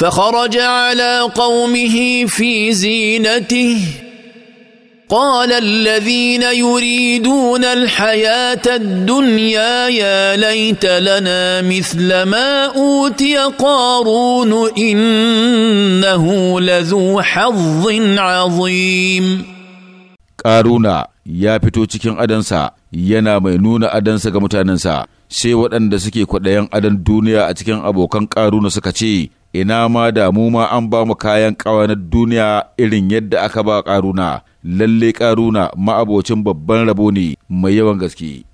فخرج على قومه في زينته قال الذين يريدون الحياه الدنيا يا ليت لنا مثل ما اوتي قارون انه لذو حظ عظيم قارون يا fito ادنسا ينا مينون ادنسا كمتاننسا sai waɗanda suke kwaɗayan adon duniya a cikin abokan ƙaruna suka ce, Ina ma da mu ma an ba mu kayan ƙawanar duniya irin yadda aka ba ƙaruna, lalle ƙaruna ma'abocin babban rabo ne mai yawan gaske.